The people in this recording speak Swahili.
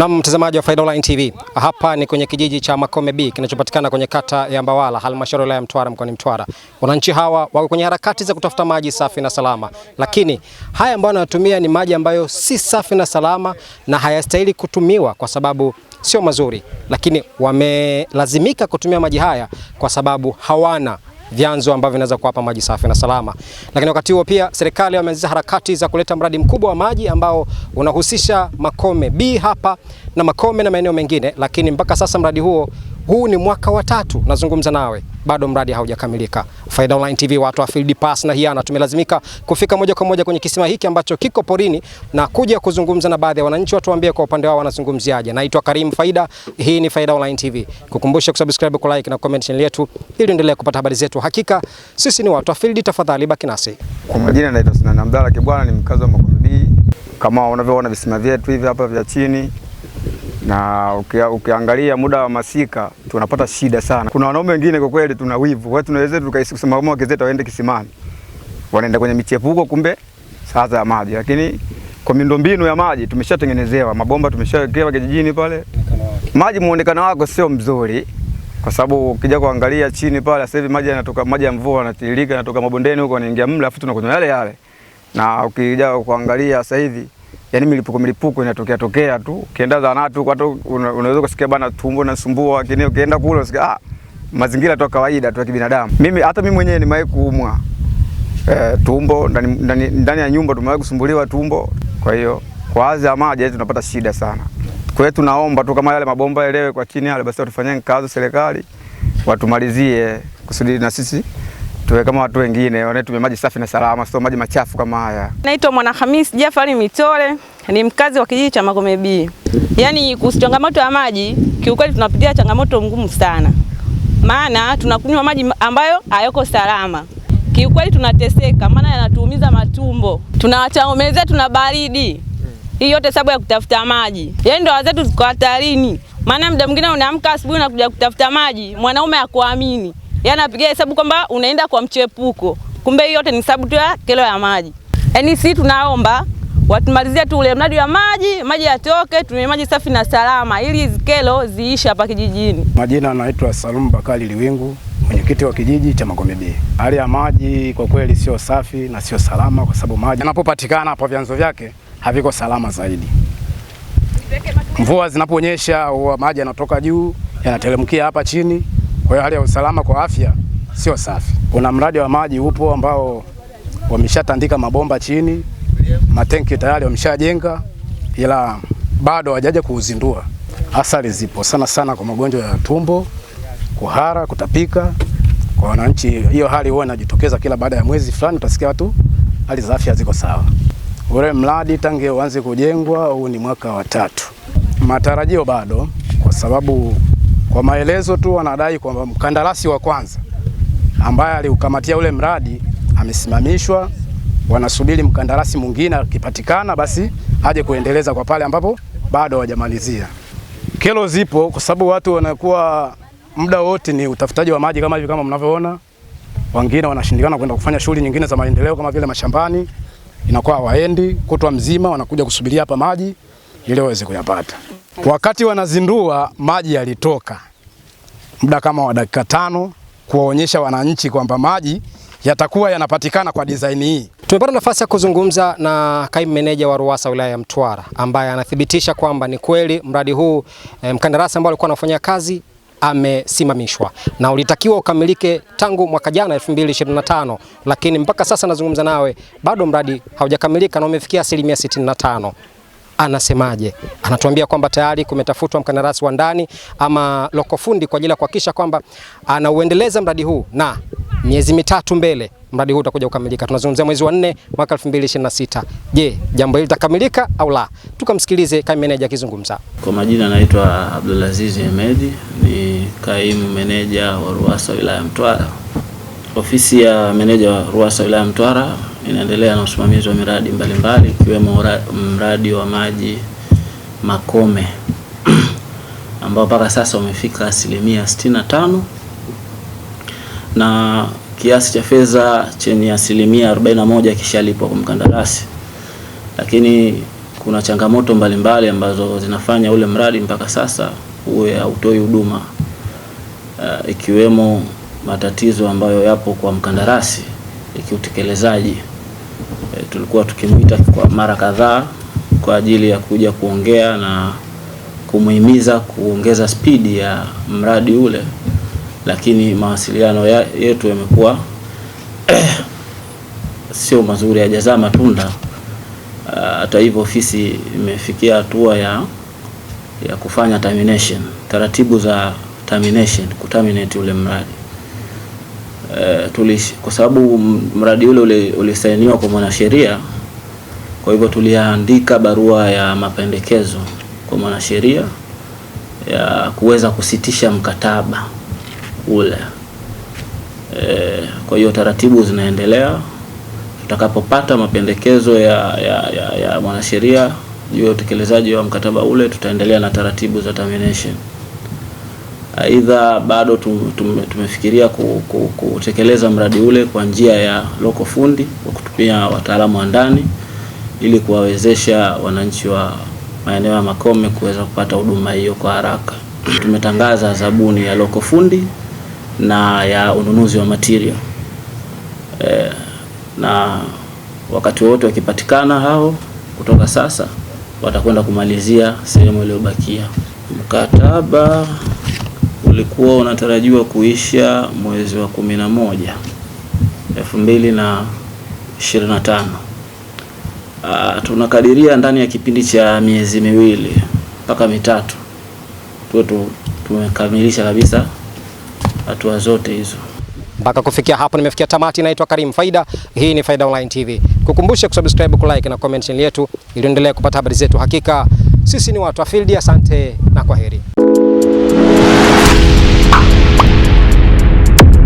Na mtazamaji wa Faida Online TV, hapa ni kwenye kijiji cha Makome B kinachopatikana kwenye kata ya Mbawala, halmashauri ya Mtwara, mkoani Mtwara. Wananchi hawa wako kwenye harakati za kutafuta maji safi na salama, lakini haya ambayo wanatumia ni maji ambayo si safi na salama na hayastahili kutumiwa kwa sababu sio mazuri, lakini wamelazimika kutumia maji haya kwa sababu hawana vyanzo ambavyo vinaweza kuwapa maji safi na salama. Lakini wakati huo pia serikali wameanzisha harakati za kuleta mradi mkubwa wa maji ambao unahusisha Makome B hapa na Makome na maeneo mengine, lakini mpaka sasa mradi huo huu ni mwaka wa tatu nazungumza nawe, bado mradi haujakamilika. Faida Online TV, watu wa Field Pass na Hiana tumelazimika kufika moja kwa moja kwenye kisima hiki ambacho kiko porini na kuja kuzungumza na baadhi ya wananchi, watuambie kwa upande wao wanazungumziaje. Naitwa Karim Faida, hii ni Faida Online TV. Kukumbusha kusubscribe, ku like na comment channel yetu ili endelee kupata habari zetu. Hakika sisi ni watu wa Field, tafadhali baki nasi. Kwa majina naitwa Sinan Abdalla Kibwana, ni mkazi wa Makombe Kama unavyoona visima vyetu hivi hapa vya chini na ukiangalia muda wa masika tunapata shida sana. Kuna wanaume wengine kwa kweli tuna wivu, kwa tunaweza tukasema kama wake zetu waende kisimani, wanaenda kwenye michepuko, kumbe sasa ya maji. Lakini kwa miundombinu ya maji tumeshatengenezewa mabomba, tumeshawekewa kijijini pale, maji muonekano wako sio mzuri, kwa sababu ukija kuangalia chini pale sasa hivi maji yanatoka, maji ya mvua yanatiririka yanatoka mabondeni huko yanaingia mle, afu tunakunywa yale yale, na ukija kuangalia sasa hivi yani milipuko milipuko inatokea tokea tu. Ukienda zahanati huko unaweza kusikia bana tumbo nasumbua, lakini ukienda kule usikia ah, mazingira tu kawaida tu ya kibinadamu. Mimi hata mimi mwenyewe nimewahi kuumwa e, tumbo ndani ya nyumba, tumewahi kusumbuliwa tumbo. Kwa hiyo kwa azi ya maji yaani tunapata shida sana. Kwa hiyo tunaomba tu kama yale mabomba yelewe kwa chini yale, basi watufanyie kazi serikali watumalizie kusudi na sisi tuwe kama watu wengine wanatumia maji safi na salama, sio maji machafu kama haya. Naitwa Mwana Hamisi Jafari Mitole, ni mkazi wa kijiji cha Magome B. Yaani kuhusu changamoto ya maji, kiukweli tunapitia changamoto ngumu sana, maana tunakunywa maji ambayo hayako salama. Kiukweli tunateseka, maana yanatuumiza matumbo, tunawachomezea, tuna baridi hii yote sababu ya kutafuta maji. Yaani ndoa zetu ziko hatarini, maana muda mwingine unaamka asubuhi unakuja kutafuta maji, mwanaume akuamini yaani apigia hesabu kwamba unaenda kwa mchepuko, kumbe hiyo yote ni hesabu tu ya kero ya maji. Yaani sisi tunaomba watumalizie tu ule mradi wa maji, maji yatoke, tunywe maji safi na salama, ili hizi kero ziisha hapa kijijini. Majina anaitwa Salum Bakari Liwingu, mwenyekiti wa kijiji cha Magome B. Hali ya maji kwa kweli sio safi na sio salama, kwa sababu maji yanapopatikana hapo vyanzo vyake haviko salama zaidi. Mvua zinaponyesha maji yanatoka juu yanateremkia hapa chini. Kwa hiyo hali ya usalama kwa afya sio safi. Kuna mradi wa maji upo ambao wameshatandika mabomba chini, matenki tayari wameshajenga, ila bado hawajaja kuuzindua. Athari zipo sana sana kwa magonjwa ya tumbo, kuhara, kutapika kwa wananchi. Hiyo hali huwa inajitokeza kila baada ya mwezi fulani, utasikia watu hali za afya ziko sawa. Ule mradi tangu uanze kujengwa, huu ni mwaka wa tatu. Matarajio bado, kwa sababu kwa maelezo tu, wanadai kwamba mkandarasi wa kwanza ambaye aliukamatia ule mradi amesimamishwa, wanasubiri mkandarasi mwingine akipatikana, basi aje kuendeleza kwa pale ambapo bado hawajamalizia. Kero zipo kwa sababu watu wanakuwa muda wote ni utafutaji wa maji kama hivi, kama mnavyoona, wengine wanashindikana kwenda kufanya shughuli nyingine za maendeleo kama vile mashambani, inakuwa waendi kutwa mzima, wanakuja kusubiria hapa maji ili waweze kuyapata. Wakati wanazindua maji yalitoka muda kama wa dakika tano kuwaonyesha wananchi kwamba maji yatakuwa yanapatikana kwa design hii. Tumepata nafasi ya kuzungumza na kaimu meneja wa RUWASA wilaya ya Mtwara ambaye anathibitisha kwamba ni kweli mradi huu eh, mkandarasi ambao alikuwa anafanya kazi amesimamishwa na ulitakiwa ukamilike tangu mwaka jana 2025, lakini mpaka sasa nazungumza nawe bado mradi haujakamilika na umefikia asilimia 65 anasemaje? Anatuambia kwamba tayari kumetafutwa mkandarasi wa ndani ama lokofundi kwa ajili ya kuhakikisha kwamba anauendeleza mradi huu na miezi mitatu mbele mradi huu utakuja kukamilika. Tunazungumzia mwezi wa nne mwaka 2026. Je, jambo hili litakamilika au la? Tukamsikilize kaimu meneja akizungumza. Kwa majina anaitwa Abdulaziz Hemedi, ni kaimu meneja wa Ruwasa wilaya Mtwara. Ofisi ya meneja wa Ruwasa wilaya Mtwara inaendelea na usimamizi wa miradi mbalimbali ikiwemo mbali, mradi wa maji Makome ambao mpaka sasa umefika asilimia 65 na kiasi cha fedha chenye asilimia 41 kishalipwa kwa mkandarasi, lakini kuna changamoto mbalimbali mbali ambazo zinafanya ule mradi mpaka sasa uwe hautoi huduma uh, ikiwemo matatizo ambayo yapo kwa mkandarasi ikiutekelezaji tulikuwa tukimwita kwa mara kadhaa kwa ajili ya kuja kuongea na kumuhimiza kuongeza spidi ya mradi ule, lakini mawasiliano ya, yetu yamekuwa sio mazuri, hajazaa matunda. Ah, hata hivyo ofisi imefikia hatua ya, ya kufanya termination, taratibu za termination, kuterminate ule mradi. Eh, tulish, kwa sababu mradi ule ulisainiwa kwa mwanasheria, kwa hivyo tuliandika barua ya mapendekezo kwa mwanasheria ya kuweza kusitisha mkataba ule. E, kwa hiyo taratibu zinaendelea. Tutakapopata mapendekezo ya, ya, ya, ya mwanasheria juu ya utekelezaji wa mkataba ule, tutaendelea na taratibu za termination. Aidha, bado tumefikiria kutekeleza mradi ule kwa njia ya loko fundi kwa kutumia wataalamu wa ndani ili kuwawezesha wananchi wa maeneo ya Makome kuweza kupata huduma hiyo kwa haraka. Tumetangaza zabuni ya loko fundi na ya ununuzi wa material e, na wakati wote wakipatikana hao kutoka sasa watakwenda kumalizia sehemu iliyobakia mkataba ulikuwa unatarajiwa kuisha mwezi wa 11 2025. Uh, tunakadiria ndani ya kipindi cha miezi miwili mpaka mitatu tuwe tumekamilisha kabisa hatua zote hizo. Mpaka kufikia hapo nimefikia tamati. Naitwa Karim Faida, hii ni Faida Online TV. Kukumbushe kusubscribe, kulike na comment yetu ili endelee kupata habari zetu. Hakika sisi ni watu wa field. Asante na kwaheri. you